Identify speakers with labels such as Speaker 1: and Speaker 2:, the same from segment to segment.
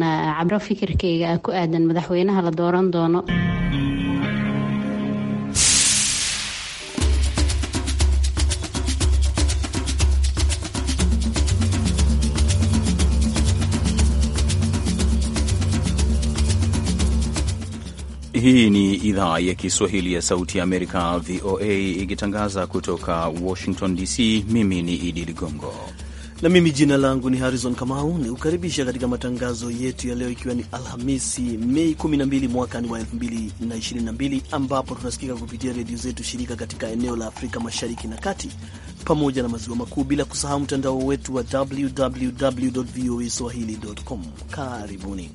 Speaker 1: cabro fikirkayga ku aadan madaxweynaha la dooran doono
Speaker 2: Hii ni idhaa ya Kiswahili ya Sauti ya Amerika, VOA, ikitangaza kutoka Washington DC. Mimi ni
Speaker 3: Idi Ligongo na mimi jina langu ni Harrison Kamau, ni kukaribisha katika matangazo yetu ya leo, ikiwa ni Alhamisi Mei 12 mwakani wa 2022, ambapo tunasikika kupitia redio zetu shirika katika eneo la Afrika Mashariki na Kati pamoja na maziwa makuu, bila kusahau mtandao wetu wa www voa swahili.com. Karibuni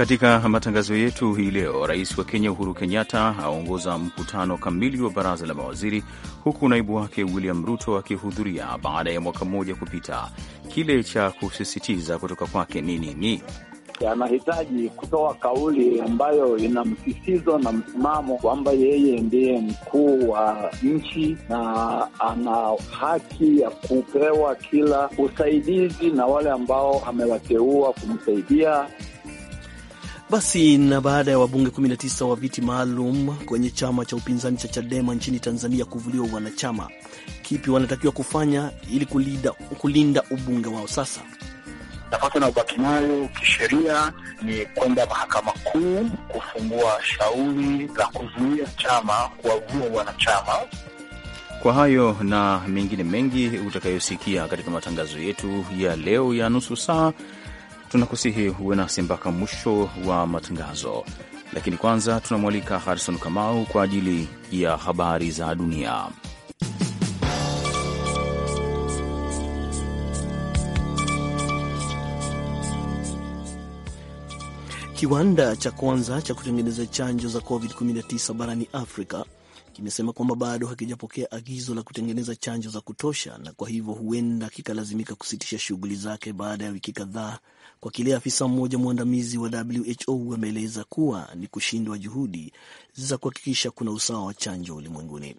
Speaker 2: Katika matangazo yetu hii leo, rais wa Kenya Uhuru Kenyatta aongoza mkutano kamili wa baraza la mawaziri, huku naibu wake William Ruto akihudhuria baada ya mwaka mmoja kupita. Kile cha kusisitiza kutoka kwake ni nini?
Speaker 4: Anahitaji kutoa kauli ambayo ina msisitizo na msimamo kwamba yeye ndiye mkuu wa nchi na ana haki ya kupewa kila usaidizi na wale ambao amewateua kumsaidia.
Speaker 3: Basi na baada ya wabunge 19 wa viti maalum kwenye chama cha upinzani cha Chadema nchini Tanzania kuvuliwa wanachama, kipi wanatakiwa kufanya ili kulinda, kulinda ubunge wao sasa? Nafasi anaobaki nayo
Speaker 4: kisheria ni kwenda mahakama kuu kufungua shauri la kuzuia chama kuwavua wanachama.
Speaker 2: Kwa hayo na mengine mengi utakayosikia katika matangazo yetu ya leo ya nusu saa Tunakusihi uwe nasi mpaka mwisho wa matangazo, lakini kwanza tunamwalika Harison Kamau kwa ajili ya habari za dunia.
Speaker 3: Kiwanda cha kwanza cha kutengeneza chanjo za COVID-19 barani Afrika kimesema kwamba bado hakijapokea agizo la kutengeneza chanjo za kutosha na kwa hivyo huenda kikalazimika kusitisha shughuli zake baada ya wiki kadhaa kwa kile afisa mmoja mwandamizi wa WHO ameeleza kuwa ni kushindwa juhudi za kuhakikisha kuna usawa wa chanjo ulimwenguni.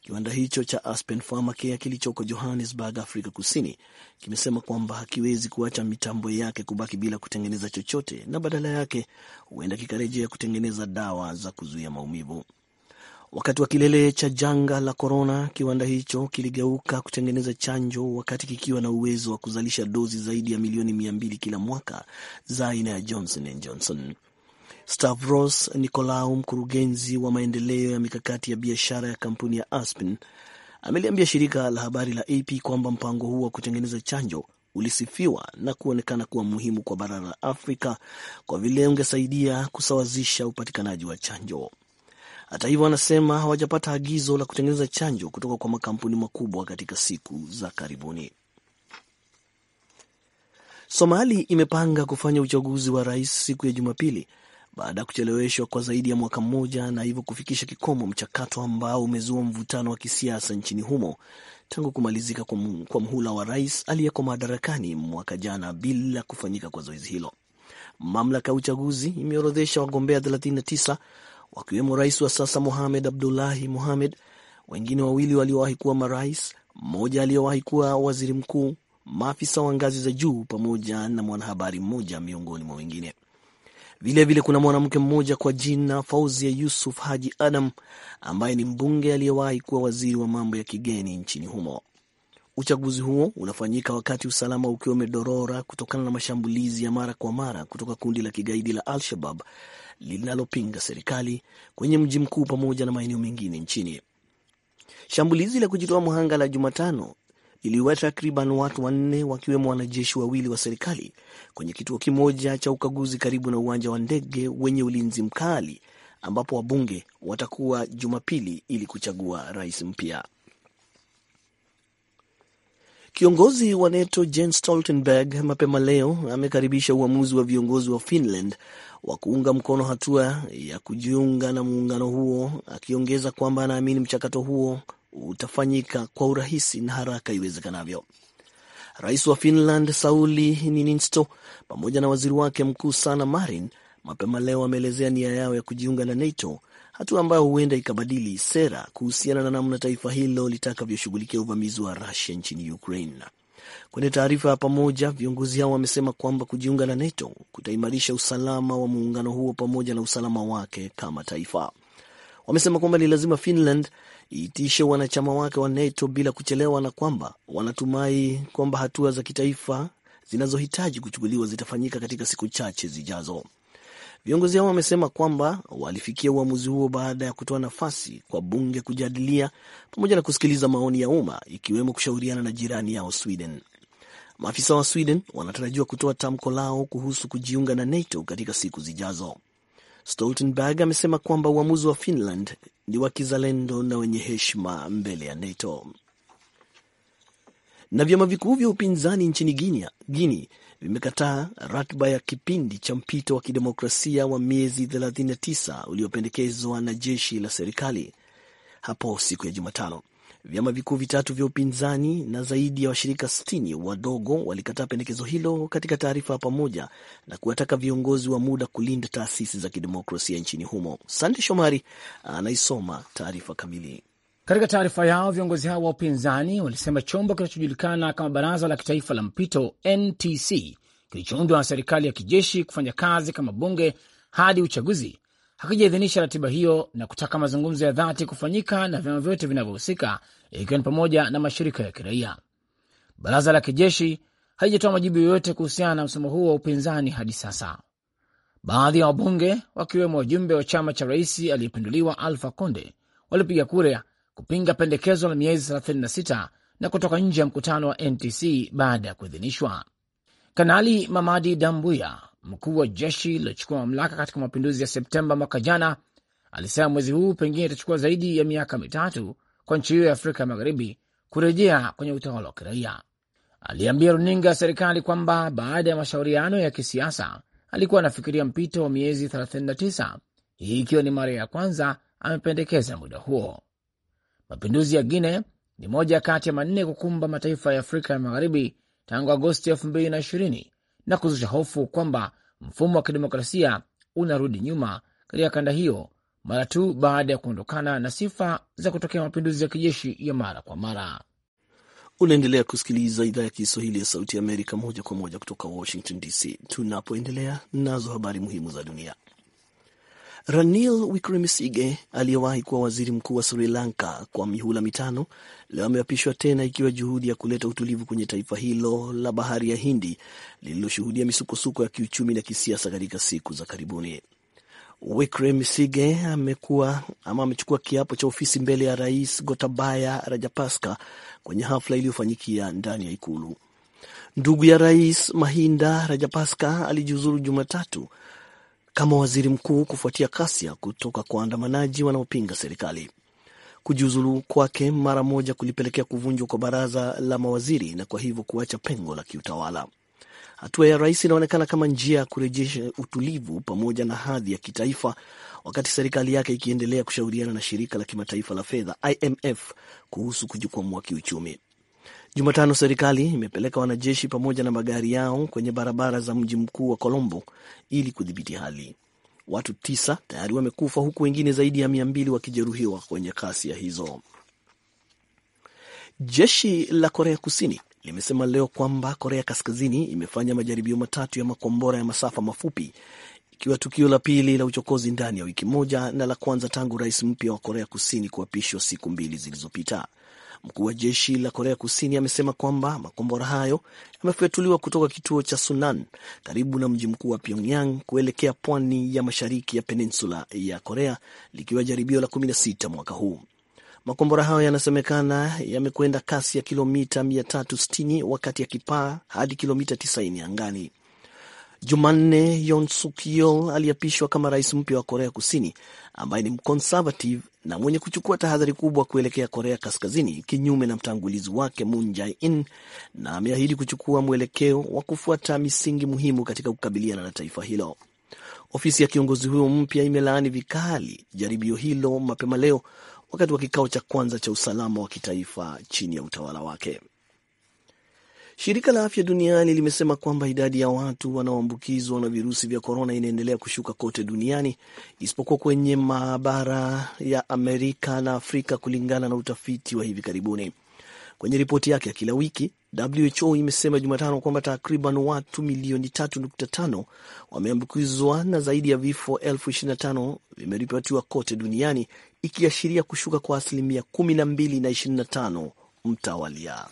Speaker 3: Kiwanda hicho cha Aspen Pharmacare kilichoko Johannesburg, Afrika Kusini, kimesema kwamba hakiwezi kuacha mitambo yake kubaki bila kutengeneza chochote na badala yake huenda kikarejea kutengeneza dawa za kuzuia maumivu. Wakati wa kilele cha janga la korona, kiwanda hicho kiligeuka kutengeneza chanjo, wakati kikiwa na uwezo wa kuzalisha dozi zaidi ya milioni mia mbili kila mwaka za aina ya Johnson and Johnson. Stavros Nikolau, mkurugenzi wa maendeleo ya mikakati ya biashara ya kampuni ya Aspen, ameliambia shirika la habari la AP kwamba mpango huo wa kutengeneza chanjo ulisifiwa na kuonekana kuwa muhimu kwa bara la Afrika kwa vile ungesaidia kusawazisha upatikanaji wa chanjo. Hata hivyo, wanasema hawajapata agizo la kutengeneza chanjo kutoka kwa makampuni makubwa katika siku za karibuni. Somali imepanga kufanya uchaguzi wa rais siku ya Jumapili baada ya kucheleweshwa kwa zaidi ya mwaka mmoja na hivyo kufikisha kikomo mchakato ambao umezua mvutano wa kisiasa nchini humo tangu kumalizika kwa mhula wa rais aliyeko madarakani mwaka jana bila kufanyika kwa zoezi hilo. Mamlaka ya uchaguzi imeorodhesha wagombea wakiwemo rais wa sasa Mohamed Abdullahi Mohamed, wengine wawili waliowahi kuwa marais, mmoja aliyewahi kuwa waziri mkuu, maafisa wa ngazi za juu, pamoja na mwanahabari mmoja miongoni mwa wengine. Vilevile vile kuna mwanamke mmoja kwa jina Fauzia Yusuf Haji Adam ambaye ni mbunge aliyewahi kuwa waziri wa mambo ya kigeni nchini humo. Uchaguzi huo unafanyika wakati usalama ukiwa umedorora kutokana na mashambulizi ya mara kwa mara kutoka kundi la kigaidi la Al-Shabab linalopinga serikali kwenye mji mkuu pamoja na maeneo mengine nchini. Shambulizi la kujitoa mhanga la Jumatano liliua takriban watu wanne wakiwemo wanajeshi wawili wa serikali kwenye kituo kimoja cha ukaguzi karibu na uwanja wa ndege wenye ulinzi mkali ambapo wabunge watakuwa Jumapili ili kuchagua rais mpya. Kiongozi wa NATO Jens Stoltenberg mapema leo amekaribisha uamuzi wa viongozi wa Finland wa kuunga mkono hatua ya kujiunga na muungano huo, akiongeza kwamba anaamini mchakato huo utafanyika kwa urahisi na haraka iwezekanavyo. Rais wa Finland Sauli Niinisto pamoja na waziri wake mkuu Sanna Marin mapema leo ameelezea nia yao ya kujiunga na NATO hatua ambayo huenda ikabadili sera kuhusiana na namna taifa hilo litakavyoshughulikia uvamizi wa Rusia nchini Ukraine. Kwenye taarifa ya pamoja, viongozi hao wamesema kwamba kujiunga na NATO kutaimarisha usalama wa muungano huo pamoja na usalama wake kama taifa. Wamesema kwamba ni lazima Finland iitishe wanachama wake wa NATO bila kuchelewa, na kwamba wanatumai kwamba hatua za kitaifa zinazohitaji kuchukuliwa zitafanyika katika siku chache zijazo. Viongozi hao wamesema kwamba walifikia uamuzi huo baada ya kutoa nafasi kwa bunge kujadilia pamoja na kusikiliza maoni ya umma ikiwemo kushauriana na jirani yao Sweden. Maafisa wa Sweden wanatarajiwa kutoa tamko lao kuhusu kujiunga na NATO katika siku zijazo. Stoltenberg amesema kwamba uamuzi wa Finland ni wa kizalendo na wenye heshima mbele ya NATO. Na vyama vikuu vya upinzani nchini Guinea vimekataa ratiba ya kipindi cha mpito wa kidemokrasia wa miezi 39 uliopendekezwa na jeshi la serikali hapo siku ya Jumatano. Vyama vikuu vitatu vya upinzani na zaidi ya washirika 60 wadogo walikataa pendekezo hilo katika taarifa pamoja na kuwataka viongozi wa muda kulinda taasisi za kidemokrasia nchini humo. Sande Shomari anaisoma taarifa kamili.
Speaker 5: Katika taarifa yao, viongozi hao wa upinzani walisema chombo kinachojulikana kama Baraza la Kitaifa la Mpito, NTC, kilichoundwa na serikali ya kijeshi kufanya kazi kama bunge hadi uchaguzi hakijaidhinisha ratiba hiyo na kutaka mazungumzo ya dhati kufanyika na vyama vyote vinavyohusika, ikiwa ni pamoja na mashirika ya kiraia. Baraza la kijeshi halijatoa majibu yoyote kuhusiana na msomo huo wa upinzani hadi sasa. Baadhi ya wabunge wakiwemo wajumbe wa chama cha rais aliyepinduliwa Alfa Conde walipiga kura kupinga pendekezo la miezi 36 na kutoka nje ya mkutano wa NTC baada ya kuidhinishwa. Kanali Mamadi Dambuya, mkuu wa jeshi lilochukua mamlaka katika mapinduzi ya Septemba mwaka jana, alisema mwezi huu pengine itachukua zaidi ya miaka mitatu kwa nchi hiyo ya Afrika ya Magharibi kurejea kwenye utawala wa kiraia. Aliambia runinga ya serikali kwamba baada ya mashauriano ya kisiasa alikuwa anafikiria mpito wa miezi 39, hii ikiwa ni mara ya kwanza amependekeza muda huo. Mapinduzi ya Guine ni moja kati ya manne kukumba mataifa ya Afrika ya magharibi tangu Agosti elfu mbili na ishirini na kuzusha hofu kwamba mfumo wa kidemokrasia unarudi nyuma katika kanda hiyo mara tu baada ya kuondokana na sifa za kutokea mapinduzi ya kijeshi ya mara kwa mara.
Speaker 3: Unaendelea kusikiliza idhaa ya Kiswahili ya Sauti ya Amerika moja kwa moja kutoka Washington DC, tunapoendelea nazo habari muhimu za dunia. Ranil Wickremesinghe aliyewahi kuwa waziri mkuu wa Sri Lanka kwa mihula mitano leo ameapishwa tena, ikiwa juhudi ya kuleta utulivu kwenye taifa hilo la bahari ya Hindi lililoshuhudia misukosuko ya kiuchumi na kisiasa katika siku za karibuni. Wickremesinghe amekuwa ama amechukua kiapo cha ofisi mbele ya Rais Gotabaya Rajapaksa kwenye hafla iliyofanyikia ndani ya ikulu. Ndugu ya rais Mahinda Rajapaksa alijiuzuru Jumatatu kama waziri mkuu kufuatia ghasia kutoka kwa waandamanaji wanaopinga serikali. Kujiuzulu kwake mara moja kulipelekea kuvunjwa kwa baraza la mawaziri na kwa hivyo kuacha pengo la kiutawala. Hatua ya rais inaonekana kama njia ya kurejesha utulivu pamoja na hadhi ya kitaifa, wakati serikali yake ikiendelea kushauriana na shirika la kimataifa la fedha IMF kuhusu kujikwamua kiuchumi. Jumatano serikali imepeleka wanajeshi pamoja na magari yao kwenye barabara za mji mkuu wa Colombo ili kudhibiti hali. Watu tisa tayari wamekufa huku wengine zaidi ya mia mbili wakijeruhiwa kwenye kasia hizo. Jeshi la Korea Kusini limesema leo kwamba Korea Kaskazini imefanya majaribio matatu ya makombora ya masafa mafupi ikiwa tukio la pili la uchokozi ndani ya wiki moja na la kwanza tangu rais mpya wa Korea Kusini kuapishwa siku mbili zilizopita. Mkuu wa jeshi la Korea Kusini amesema kwamba makombora hayo yamefyatuliwa kutoka kituo cha Sunan karibu na mji mkuu wa Pyongyang kuelekea pwani ya mashariki ya peninsula ya Korea, likiwa jaribio la 16 mwaka huu. Makombora hayo yanasemekana yamekwenda kasi ya kilomita 360 wakati ya kipaa hadi kilomita 90 angani. Jumanne, Yoon Suk Yeol aliapishwa kama rais mpya wa Korea Kusini ambaye ni mconservative na mwenye kuchukua tahadhari kubwa kuelekea Korea Kaskazini, kinyume na mtangulizi wake Moon Jae-in, na ameahidi kuchukua mwelekeo wa kufuata misingi muhimu katika kukabiliana na taifa hilo. Ofisi ya kiongozi huyo mpya imelaani vikali jaribio hilo mapema leo wakati wa kikao cha kwanza cha usalama wa kitaifa chini ya utawala wake. Shirika la Afya Duniani limesema kwamba idadi ya watu wanaoambukizwa na virusi vya korona inaendelea kushuka kote duniani isipokuwa kwenye maabara ya Amerika na Afrika, kulingana na utafiti wa hivi karibuni. Kwenye ripoti yake ya kila wiki, WHO imesema Jumatano kwamba takriban watu milioni 3.5 wameambukizwa na zaidi ya vifo 25 vimeripotiwa kote duniani, ikiashiria kushuka kwa asilimia 12 na 25 mtawalia.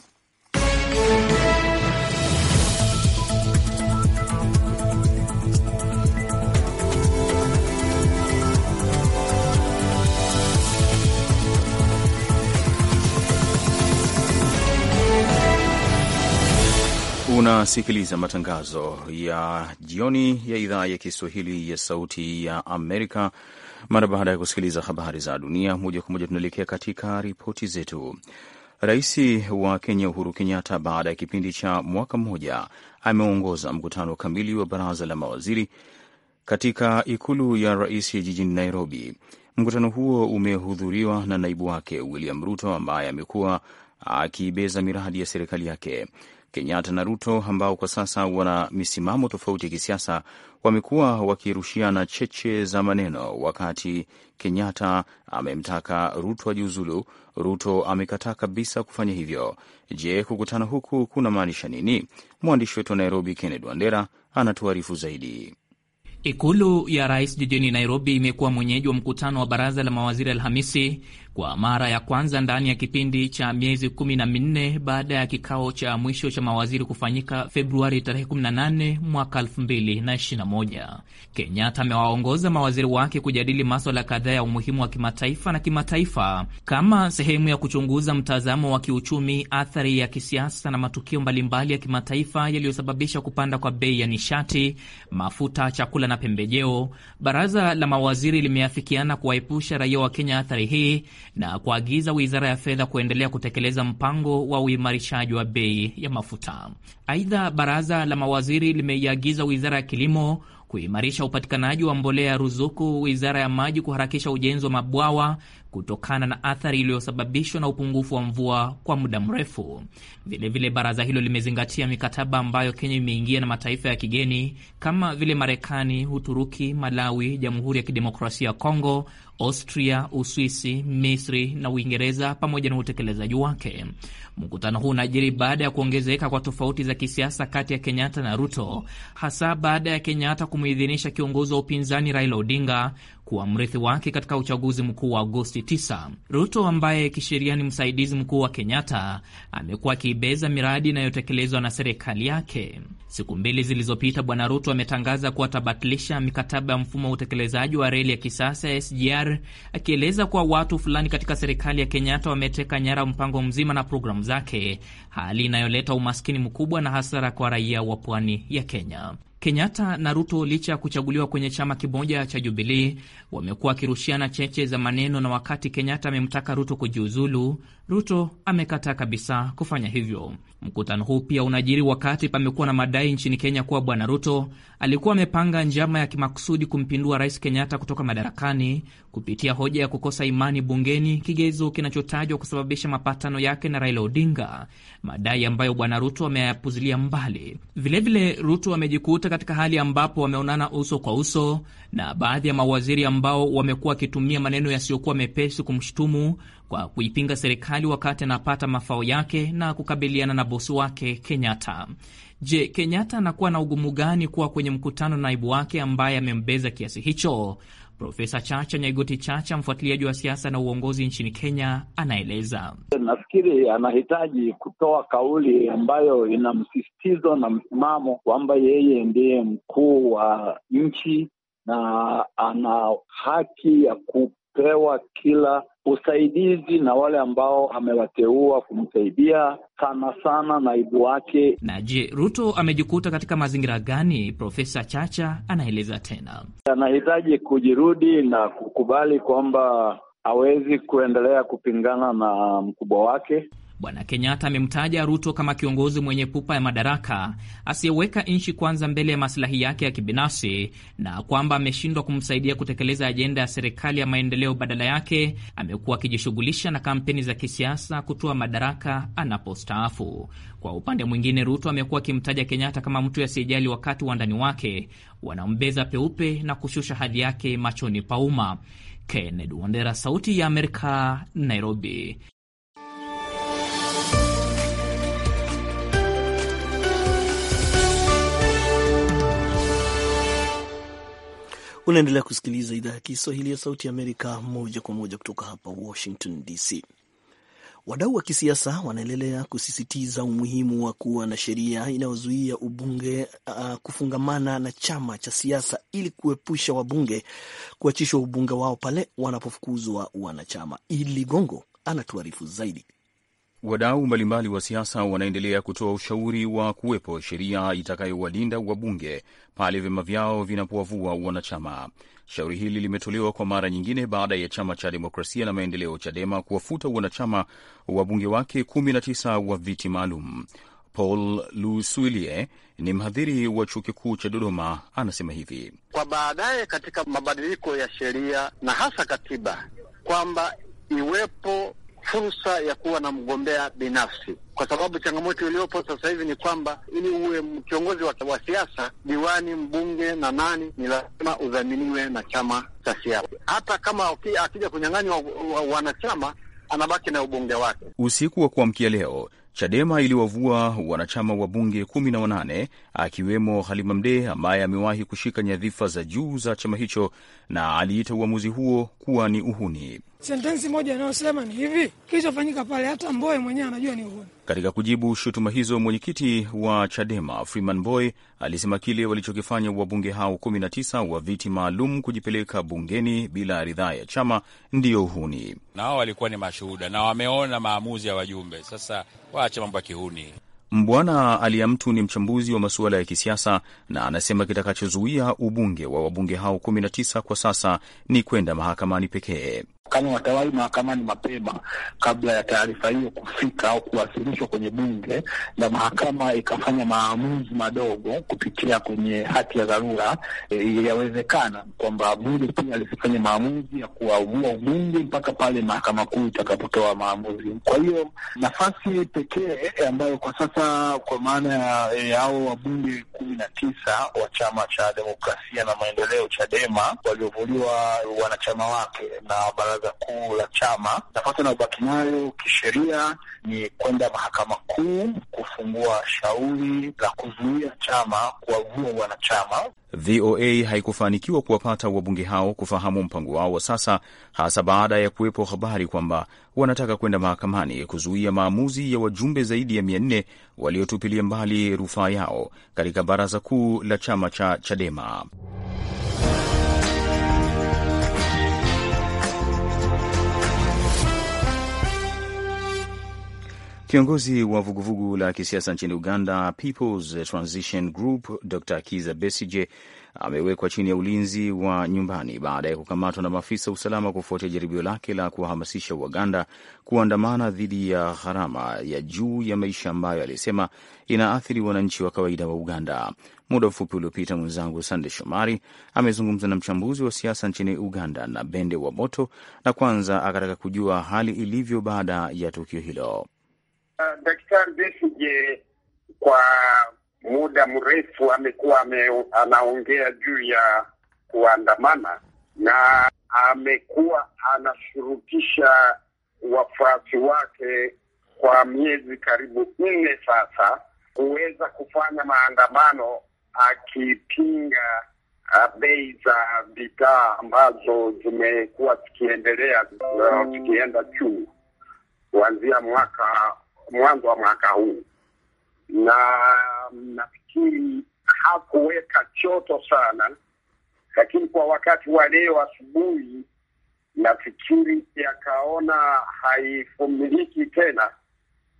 Speaker 2: Unasikiliza matangazo ya jioni ya idhaa ya Kiswahili ya Sauti ya Amerika. Mara baada ya kusikiliza habari za dunia moja kwa moja, tunaelekea katika ripoti zetu. Rais wa Kenya Uhuru Kenyatta, baada ya kipindi cha mwaka mmoja, ameongoza mkutano kamili wa baraza la mawaziri katika ikulu ya rais jijini Nairobi. Mkutano huo umehudhuriwa na naibu wake William Ruto ambaye amekuwa akibeza miradi ya serikali yake. Kenyatta na Ruto ambao kwa sasa wana misimamo tofauti ya kisiasa wamekuwa wakirushiana cheche za maneno. Wakati Kenyatta amemtaka Ruto ajiuzulu, Ruto amekataa kabisa kufanya hivyo. Je, kukutana huku kuna maanisha nini? Mwandishi wetu wa Nairobi, Kennedy Wandera, anatuarifu
Speaker 6: zaidi. Ikulu ya rais jijini Nairobi imekuwa mwenyeji wa mkutano wa baraza la mawaziri Alhamisi kwa mara ya kwanza ndani ya kipindi cha miezi kumi na minne baada ya kikao cha mwisho cha mawaziri kufanyika Februari tarehe 18 mwaka 2021. Kenyatta amewaongoza mawaziri wake kujadili maswala kadhaa ya umuhimu wa kimataifa na kimataifa kama sehemu ya kuchunguza mtazamo wa kiuchumi, athari ya kisiasa na matukio mbalimbali ya kimataifa yaliyosababisha kupanda kwa bei ya nishati, mafuta, chakula na na pembejeo, baraza la mawaziri limeafikiana kuwaepusha raia wa Kenya athari hii na kuagiza wizara ya fedha kuendelea kutekeleza mpango wa uimarishaji wa bei ya mafuta. Aidha, baraza la mawaziri limeiagiza wizara ya kilimo kuimarisha upatikanaji wa mbolea ya ruzuku, wizara ya maji kuharakisha ujenzi wa mabwawa kutokana na athari iliyosababishwa na upungufu wa mvua kwa muda mrefu. Vilevile vile baraza hilo limezingatia mikataba ambayo Kenya imeingia na mataifa ya kigeni kama vile Marekani, Uturuki, Malawi, Jamhuri ya Kidemokrasia ya Kongo, Austria, Uswisi, Misri na Uingereza, pamoja na utekelezaji wake. Mkutano huu unajiri baada ya kuongezeka kwa tofauti za kisiasa kati ya Kenyatta na Ruto, hasa baada ya Kenyatta kum kumwidhinisha kiongozi wa upinzani Raila Odinga kuwa mrithi wake katika uchaguzi mkuu wa Agosti 9. Ruto ambaye kisheria ni msaidizi mkuu wa Kenyatta amekuwa akiibeza miradi inayotekelezwa na serikali yake. Siku mbili zilizopita, Bwana Ruto ametangaza kuwa atabatilisha mikataba ya mfumo wa utekelezaji wa reli ya kisasa ya SGR, akieleza kuwa watu fulani katika serikali ya Kenyatta wameteka nyara mpango mzima na programu zake, hali inayoleta umaskini mkubwa na hasara kwa raia wa pwani ya Kenya. Kenyatta na Ruto, licha ya kuchaguliwa kwenye chama kimoja cha Jubilii, wamekuwa wakirushiana cheche za maneno, na wakati Kenyatta amemtaka Ruto kujiuzulu, Ruto amekataa kabisa kufanya hivyo. Mkutano huu pia unajiri wakati pamekuwa na madai nchini Kenya kuwa bwana Ruto alikuwa amepanga njama ya kimakusudi kumpindua rais Kenyatta kutoka madarakani kupitia hoja ya kukosa imani bungeni, kigezo kinachotajwa kusababisha mapatano yake na Raila Odinga, madai ambayo bwana Ruto ameyapuzilia mbali. Vilevile vile Ruto amejikuta katika hali ambapo wameonana uso kwa uso na baadhi ya mawaziri ambao wamekuwa wakitumia maneno yasiyokuwa mepesi kumshutumu kwa kuipinga serikali wakati anapata mafao yake na kukabiliana na bosi wake Kenyatta. Je, Kenyatta anakuwa na ugumu gani kuwa kwenye mkutano na naibu wake ambaye amembeza kiasi hicho? Profesa Chacha Nyaigoti Chacha, mfuatiliaji wa siasa na uongozi nchini Kenya, anaeleza.
Speaker 4: Nafikiri anahitaji kutoa kauli ambayo ina msisitizo na msimamo kwamba yeye ndiye mkuu wa nchi na ana haki ya kupewa kila usaidizi na wale ambao amewateua kumsaidia sana sana naibu wake.
Speaker 6: Na je, Ruto amejikuta katika mazingira gani? Profesa Chacha anaeleza tena,
Speaker 4: anahitaji kujirudi na kukubali kwamba hawezi kuendelea kupingana na mkubwa wake.
Speaker 6: Bwana Kenyatta amemtaja Ruto kama kiongozi mwenye pupa ya madaraka asiyeweka nchi kwanza mbele ya masilahi yake ya kibinafsi, na kwamba ameshindwa kumsaidia kutekeleza ajenda ya serikali ya maendeleo. Badala yake amekuwa akijishughulisha na kampeni za kisiasa kutoa madaraka anapostaafu. Kwa upande mwingine, Ruto amekuwa akimtaja Kenyatta kama mtu asiyejali wakati wa ndani wake wanaombeza peupe na kushusha hadhi yake machoni pa umma. Kennedy Wandera, Sauti ya Amerika, Nairobi.
Speaker 3: Unaendelea kusikiliza idhaa ya Kiswahili ya Sauti Amerika moja kwa moja kutoka hapa Washington DC. Wadau wa kisiasa wanaendelea kusisitiza umuhimu wa kuwa na sheria inayozuia ubunge uh, kufungamana na chama cha siasa ili kuepusha wabunge kuachishwa ubunge wao pale wanapofukuzwa wanachama. Ili Ligongo anatuarifu zaidi.
Speaker 2: Wadau mbalimbali wa siasa wanaendelea kutoa ushauri wa kuwepo sheria itakayowalinda wabunge pale vyama vyao vinapowavua wanachama. Shauri hili limetolewa kwa mara nyingine baada ya chama cha demokrasia na maendeleo CHADEMA kuwafuta wanachama wa bunge wake 19 wa viti maalum. Paul Luswilie ni mhadhiri wa chuo kikuu cha Dodoma, anasema hivi
Speaker 4: kwa baadaye katika mabadiliko ya sheria na hasa katiba kwamba iwepo fursa ya kuwa na mgombea binafsi, kwa sababu changamoto iliyopo sasa hivi ni kwamba ili uwe kiongozi wa siasa, diwani, mbunge na nani, ni lazima udhaminiwe na chama cha siasa. Hata kama akija kunyang'anywa wanachama, anabaki na ubunge wake.
Speaker 2: Usiku wa kuamkia leo Chadema iliwavua wanachama wa bunge kumi na wanane akiwemo Halima Mdee ambaye amewahi kushika nyadhifa za juu za chama hicho na aliita uamuzi huo kuwa ni uhuni
Speaker 5: sentensi moja inayosema ni hivi, kilichofanyika pale hata Mboe mwenyewe anajua ni uhuni.
Speaker 2: Katika kujibu shutuma hizo, mwenyekiti wa Chadema Freeman Mbowe alisema kile walichokifanya wabunge hao 19 wa viti maalum kujipeleka bungeni bila ridhaa ya chama ndiyo uhuni, na wao walikuwa ni mashuhuda na wameona maamuzi ya wajumbe. Sasa waache mambo ya kihuni. Mbwana Aliamtu ni mchambuzi wa masuala ya kisiasa na anasema kitakachozuia ubunge wa wabunge hao 19 kwa sasa ni kwenda mahakamani pekee
Speaker 3: kama
Speaker 4: watawahi mahakamani mapema kabla ya taarifa hiyo kufika au kuwasilishwa kwenye bunge na mahakama ikafanya maamuzi madogo kupitia kwenye hati ya dharura, e, yawezekana e, kwamba bunge pia lisifanye maamuzi ya kuwavua ubunge mpaka pale mahakama kuu itakapotoa maamuzi. Kwa hiyo nafasi pekee e, ambayo kwa sasa kwa maana ya e, hao wabunge kumi na tisa wa chama cha demokrasia na maendeleo CHADEMA waliovuliwa wanachama wake na baraza baraza kuu la chama. Nafasi inayobaki nayo kisheria ni kwenda mahakama kuu kufungua shauri la kuzuia chama kuwavua wanachama.
Speaker 2: VOA haikufanikiwa kuwapata wabunge hao kufahamu mpango wao wa sasa, hasa baada ya kuwepo habari kwamba wanataka kwenda mahakamani kuzuia maamuzi ya wajumbe zaidi ya mia nne waliotupilia mbali rufaa yao katika baraza kuu la chama cha Chadema. Kiongozi wa vuguvugu la kisiasa nchini Uganda, People's Transition Group, Dr Kiza Besige amewekwa chini ya ulinzi wa nyumbani baada ya kukamatwa na maafisa usalama kufuatia jaribio lake la kuwahamasisha Waganda kuandamana dhidi ya gharama ya juu ya maisha ambayo alisema inaathiri wananchi wa kawaida wa Uganda. Muda mfupi uliopita, mwenzangu Sande Shomari amezungumza na mchambuzi wa siasa nchini Uganda na Bende wa Moto, na kwanza akataka kujua hali ilivyo baada ya tukio hilo.
Speaker 7: Ah, Daktari Besigye kwa muda mrefu amekuwa anaongea juu ya kuandamana na amekuwa anashurutisha wafuasi wake kwa miezi karibu nne sasa kuweza kufanya maandamano akipinga ah, bei za bidhaa ambazo zimekuwa zikiendelea ah, zikienda juu kuanzia mwaka mwanzo wa mwaka huu, na
Speaker 5: nafikiri
Speaker 7: hakuweka choto sana, lakini kwa wakati wa leo asubuhi, nafikiri akaona haifumiliki tena,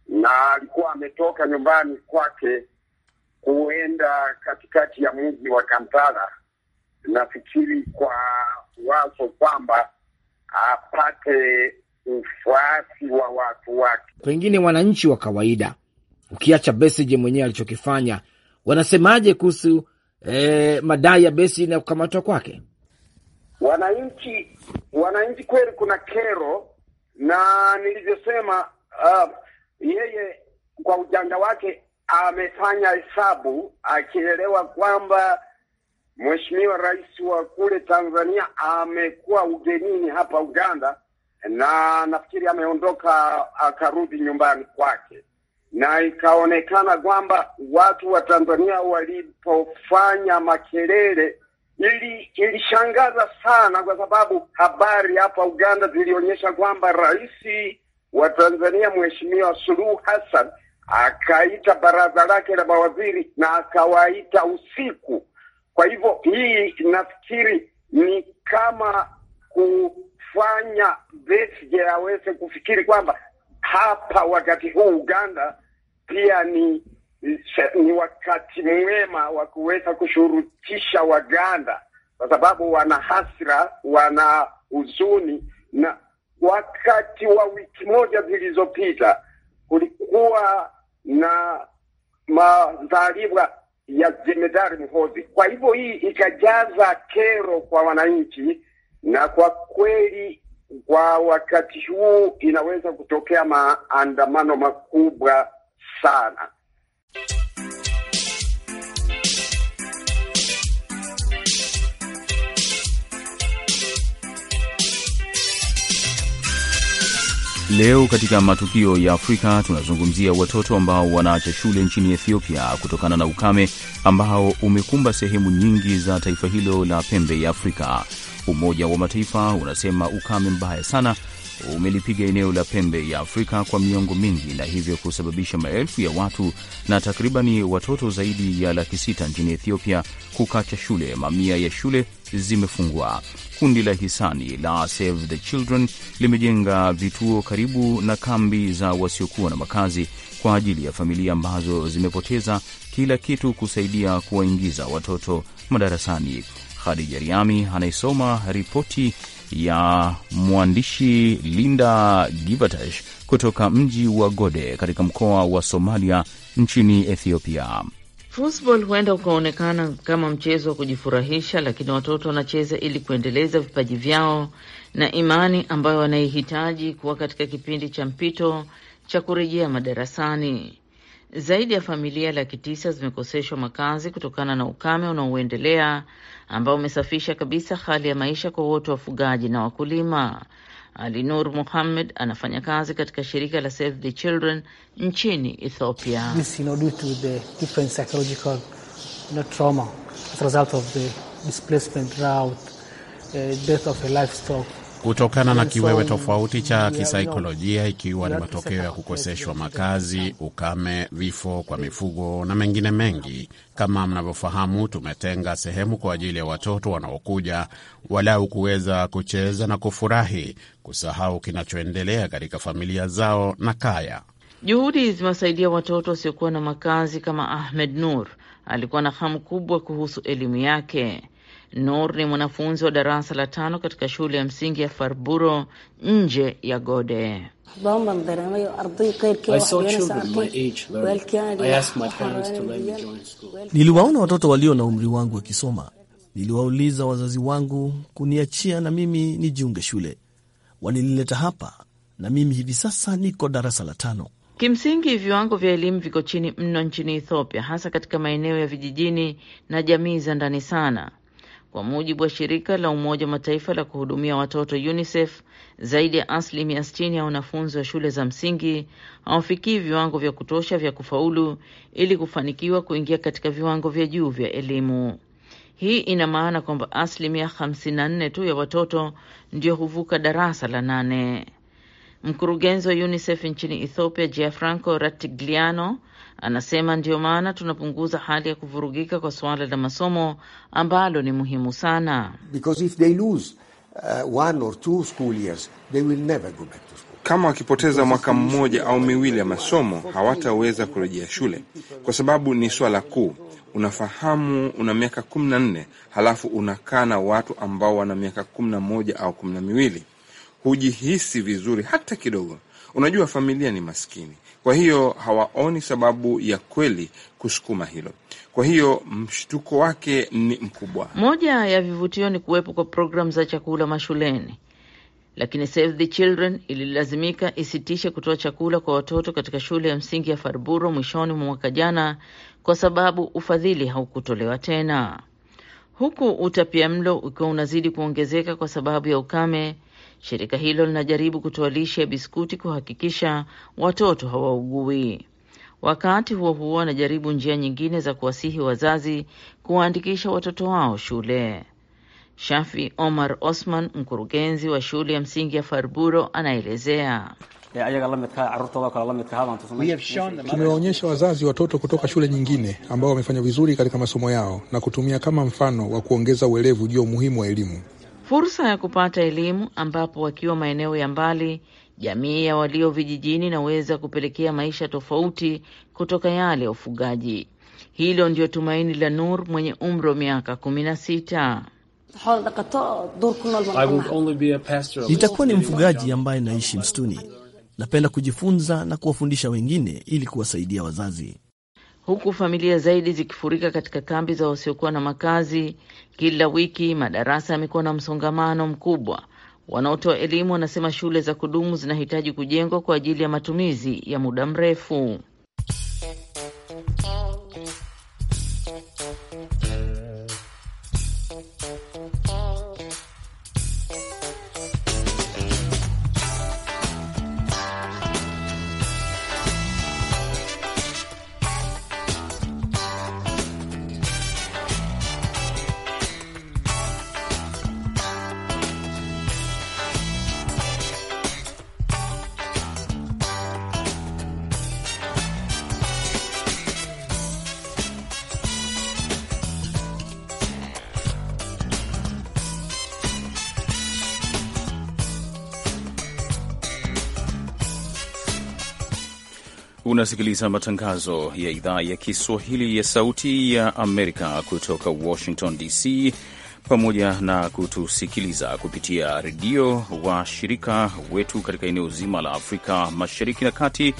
Speaker 7: na alikuwa ametoka nyumbani kwake kuenda katikati ya mji wa Kampala, nafikiri kwa wazo kwamba apate ufuasi wa watu wake.
Speaker 5: Pengine wananchi wa kawaida, ukiacha Besigye mwenyewe alichokifanya, wanasemaje kuhusu eh, madai ya Besigye na kukamatwa kwake?
Speaker 7: Wananchi, wananchi kweli kuna kero, na nilivyosema, uh, yeye kwa ujanja wake amefanya hesabu akielewa kwamba Mheshimiwa Rais wa kule Tanzania amekuwa ugenini hapa Uganda na nafikiri ameondoka akarudi nyumbani kwake, na ikaonekana kwamba watu wa Tanzania walipofanya makelele ili ilishangaza sana, kwa sababu habari hapa Uganda zilionyesha kwamba rais wa Tanzania Mheshimiwa Suluhu Hassan akaita baraza lake la mawaziri na akawaita usiku. Kwa hivyo hii nafikiri ni kama ku kumfanya Besigye aweze kufikiri kwamba hapa wakati huu Uganda pia ni ni wakati mwema wa kuweza kushurutisha Waganda kwa sababu wana hasira, wana huzuni. Na wakati wa wiki moja zilizopita kulikuwa na madhariba ya jemedari Mhozi. Kwa hivyo hii ikajaza kero kwa wananchi na kwa kweli kwa wakati huu inaweza kutokea maandamano makubwa sana.
Speaker 2: Leo katika matukio ya Afrika tunazungumzia watoto ambao wanaacha shule nchini Ethiopia kutokana na ukame ambao umekumba sehemu nyingi za taifa hilo la pembe ya Afrika. Umoja wa Mataifa unasema ukame mbaya sana umelipiga eneo la pembe ya Afrika kwa miongo mingi na hivyo kusababisha maelfu ya watu na takribani watoto zaidi ya laki sita nchini Ethiopia kukacha shule. Mamia ya shule zimefungwa. Kundi la hisani la Save the Children limejenga vituo karibu na kambi za wasiokuwa na makazi kwa ajili ya familia ambazo zimepoteza kila kitu kusaidia kuwaingiza watoto madarasani. Khadija Riami anayesoma ripoti ya mwandishi Linda Givatash kutoka mji wa Gode katika mkoa wa Somalia nchini Ethiopia.
Speaker 1: Football huenda ukaonekana kama mchezo wa kujifurahisha, lakini watoto wanacheza ili kuendeleza vipaji vyao na imani ambayo wanaihitaji kuwa katika kipindi cha mpito cha kurejea madarasani. Zaidi ya familia laki tisa zimekoseshwa makazi kutokana na ukame unaoendelea ambao umesafisha kabisa hali ya maisha kwa wote wafugaji na wakulima. ali nur Muhammed anafanya kazi katika shirika la Save the Children nchini Ethiopia.
Speaker 3: This to the different psychological you know, trauma as a result of the displacement uh, death of a livestock
Speaker 2: kutokana na kiwewe tofauti cha kisaikolojia, ikiwa ni matokeo ya kukoseshwa makazi, ukame, vifo kwa mifugo na mengine mengi. Kama mnavyofahamu, tumetenga sehemu kwa ajili ya watoto wanaokuja walau kuweza kucheza na kufurahi, kusahau kinachoendelea katika familia zao na kaya.
Speaker 1: Juhudi zimewasaidia watoto wasiokuwa na makazi kama Ahmed Nur alikuwa na hamu kubwa kuhusu elimu yake. Nur ni mwanafunzi wa darasa la tano katika shule ya msingi ya Farburo nje ya Gode.
Speaker 3: Niliwaona watoto walio na umri wangu wakisoma. Niliwauliza wazazi wangu kuniachia na mimi nijiunge shule. Walinileta hapa na mimi hivi sasa niko darasa la tano.
Speaker 1: Kimsingi viwango vya elimu viko chini mno nchini Ethiopia, hasa katika maeneo ya vijijini na jamii za ndani sana. Kwa mujibu wa shirika la Umoja wa Mataifa la kuhudumia watoto UNICEF, zaidi ya asilimia 60 ya wanafunzi wa shule za msingi hawafikii viwango vya kutosha vya kufaulu ili kufanikiwa kuingia katika viwango vya juu vya elimu. Hii ina maana kwamba asilimia 54 tu ya watoto ndio huvuka darasa la nane. Mkurugenzi wa UNICEF nchini Ethiopia, Gianfranco Ratigliano, Anasema ndiyo maana tunapunguza hali ya kuvurugika kwa suala la masomo ambalo ni muhimu sana. Uh, Kama wakipoteza mwaka mmoja
Speaker 2: au miwili ya masomo, hawataweza kurejea shule kwa sababu ni swala kuu. Unafahamu, una miaka kumi na nne halafu unakaa na watu ambao wana miaka kumi na moja au kumi na miwili, hujihisi vizuri hata kidogo. Unajua, familia ni maskini kwa hiyo hawaoni sababu ya kweli kusukuma hilo. Kwa hiyo mshtuko wake ni mkubwa.
Speaker 1: Moja ya vivutio ni kuwepo kwa programu za chakula mashuleni, lakini Save the Children ililazimika isitishe kutoa chakula kwa watoto katika shule ya msingi ya Farburo mwishoni mwa mwaka jana kwa sababu ufadhili haukutolewa tena, huku utapia mlo ukiwa unazidi kuongezeka kwa sababu ya ukame. Shirika hilo linajaribu kutoa lishe ya biskuti kuhakikisha watoto hawaugui. Wakati huo huo, wanajaribu njia nyingine za kuwasihi wazazi kuwaandikisha watoto wao shule. Shafi Omar Osman, mkurugenzi wa shule ya msingi ya Farburo, anaelezea.
Speaker 3: Tumewaonyesha wazazi watoto kutoka shule nyingine ambao wamefanya vizuri katika masomo yao na kutumia kama mfano wa
Speaker 4: kuongeza uelevu juu ya umuhimu wa elimu
Speaker 1: fursa ya kupata elimu, ambapo wakiwa maeneo ya mbali, jamii ya walio vijijini inaweza kupelekea maisha tofauti kutoka yale ya ufugaji. Hilo ndio tumaini la Nur mwenye umri wa miaka kumi na sita.
Speaker 4: Nitakuwa ni
Speaker 3: mfugaji ambaye naishi msituni. Napenda kujifunza na kuwafundisha wengine ili kuwasaidia wazazi
Speaker 1: huku familia zaidi zikifurika katika kambi za wasiokuwa na makazi. Kila wiki madarasa yamekuwa na msongamano mkubwa. Wanaotoa elimu wanasema shule za kudumu zinahitaji kujengwa kwa ajili ya matumizi ya muda mrefu.
Speaker 2: Unasikiliza matangazo ya idhaa ya Kiswahili ya Sauti ya Amerika kutoka Washington DC, pamoja na kutusikiliza kupitia redio wa shirika wetu katika eneo zima la Afrika Mashariki na Kati,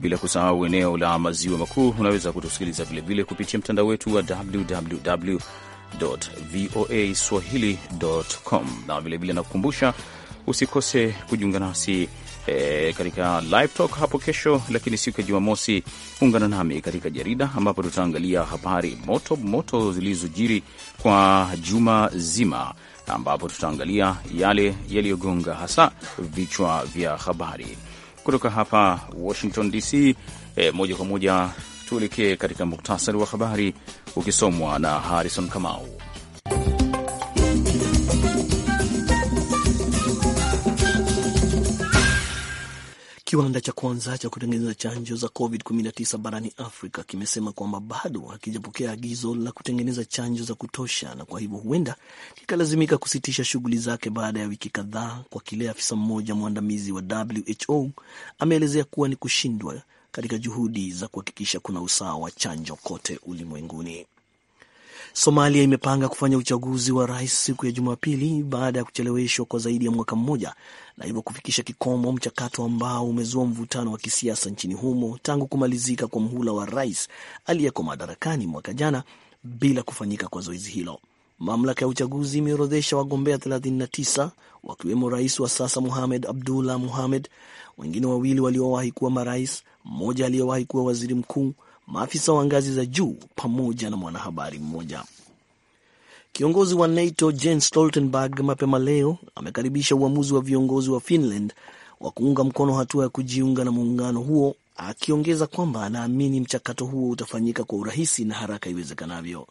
Speaker 2: bila kusahau eneo la Maziwa Makuu. Unaweza kutusikiliza vilevile kupitia mtandao wetu wa www voa swahili com, na vilevile nakukumbusha usikose kujiunga nasi e, katika live talk hapo kesho, lakini siku ya Jumamosi ungana nami katika jarida ambapo tutaangalia habari moto moto zilizojiri kwa juma zima ambapo tutaangalia yale yaliyogonga hasa vichwa vya habari kutoka hapa Washington DC. E, eh, moja kwa moja tuelekee katika muktasari wa habari ukisomwa na Harrison Kamau.
Speaker 3: Kiwanda cha kwanza cha kutengeneza chanjo za COVID-19 barani Afrika kimesema kwamba bado hakijapokea agizo la kutengeneza chanjo za kutosha, na kwa hivyo huenda kikalazimika kusitisha shughuli zake baada ya wiki kadhaa, kwa kile afisa mmoja mwandamizi wa WHO ameelezea kuwa ni kushindwa katika juhudi za kuhakikisha kuna usawa wa chanjo kote ulimwenguni. Somalia imepanga kufanya uchaguzi wa rais siku ya Jumapili baada ya kucheleweshwa kwa zaidi ya mwaka mmoja na hivyo kufikisha kikomo mchakato ambao umezua mvutano wa kisiasa nchini humo tangu kumalizika kwa mhula wa rais aliyeko madarakani mwaka jana bila kufanyika kwa zoezi hilo. Mamlaka ya uchaguzi imeorodhesha wagombea 39 wakiwemo rais wa sasa Muhamed Abdullah Muhamed, wengine wawili waliowahi kuwa marais, mmoja aliyewahi kuwa waziri mkuu maafisa wa ngazi za juu pamoja na mwanahabari mmoja. Kiongozi wa NATO Jens Stoltenberg mapema leo amekaribisha uamuzi wa viongozi wa Finland wa kuunga mkono hatua ya kujiunga na muungano huo, akiongeza kwamba anaamini mchakato huo utafanyika kwa urahisi na haraka iwezekanavyo.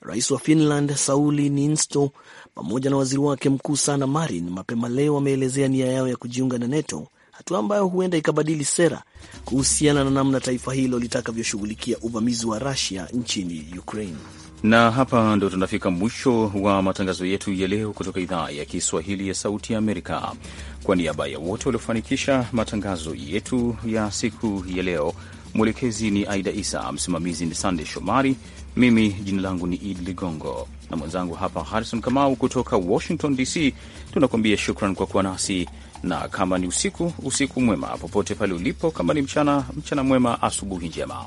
Speaker 3: Rais wa Finland Sauli Niinisto pamoja na waziri wake mkuu Sanna Marin mapema leo wameelezea nia yao ya kujiunga na NATO hatua ambayo huenda ikabadili sera kuhusiana na namna taifa hilo litakavyoshughulikia uvamizi wa Rusia nchini Ukraine.
Speaker 2: Na hapa ndo tunafika mwisho wa matangazo yetu ya leo kutoka idhaa ya Kiswahili ya Sauti ya Amerika. Kwa niaba ya wote waliofanikisha matangazo yetu ya siku ya leo, mwelekezi ni Aida Isa, msimamizi ni Sandey Shomari, mimi jina langu ni Idi Ligongo na mwenzangu hapa Harrison Kamau kutoka Washington DC, tunakuambia shukran kwa kuwa nasi na kama ni usiku, usiku mwema popote pale ulipo. Kama ni mchana, mchana mwema, asubuhi njema.